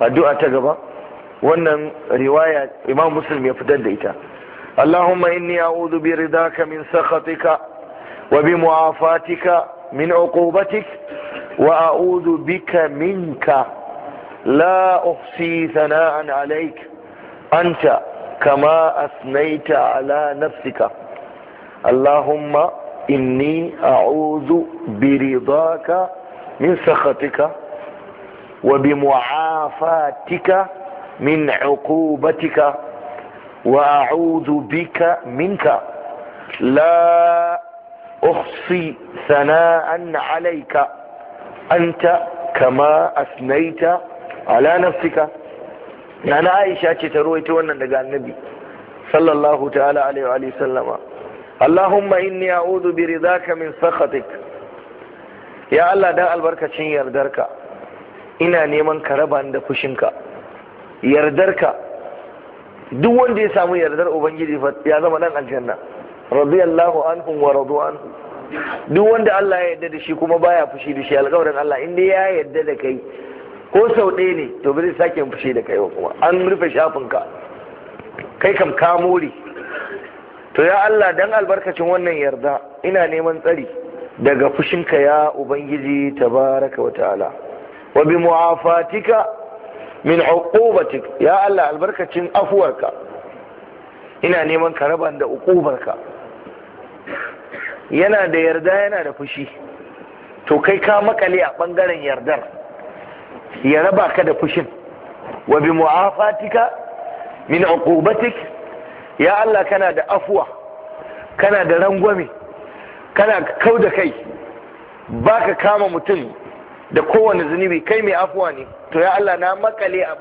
addu'a ta gaba wannan riwaya imam muslim ya fitar da ita allahumma inni a'udhu bi ridaka min sakhatika wa bi mu'afatika min uqubatik wa a'udhu bika minka la uhsi thana'an alayk anta kama asnaita ala nafsika allahumma inni a'udhu bi ridaka min sakhatika وبمعافاتك من عقوبتك وأعوذ بك منك لا أخصي ثناء عليك أنت كما أثنيت على نفسك يعني عائشة تونا وانا النبي صلى الله تعالى عليه وآله وسلم اللهم إني أعوذ برضاك من سخطك يا الله دا البركة شين يردرك ina neman ka raba da fushinka yardarka duk wanda ya samu yardar ubangiji ya zama nan aljanna radiyallahu anhum wa radu anhu duk wanda Allah ya yarda da shi kuma baya fushi da shi alƙawarin Allah in dai ya yarda da kai ko sau ɗaya ne to ba sake sake fushi da kai ba kuma an rufe shafin ka kai kam ka more to ya Allah dan albarkacin wannan yarda ina neman tsari daga fushinka ya ubangiji tabaraka wa ta'ala wa bi mu'afatika min uqubatik ya Allah albarkacin afuwarka ina neman ka raba da uqubarka yana da yarda yana da fushi to kai ka makale a bangaren yardar ya raba ka da fushin wa bi mu'afatika min uqubatik ya Allah kana da afuwa kana da rangwame kana kau da kai baka kama mutum da kowane zunubi kai mai afuwa ne to ya Allah na makale a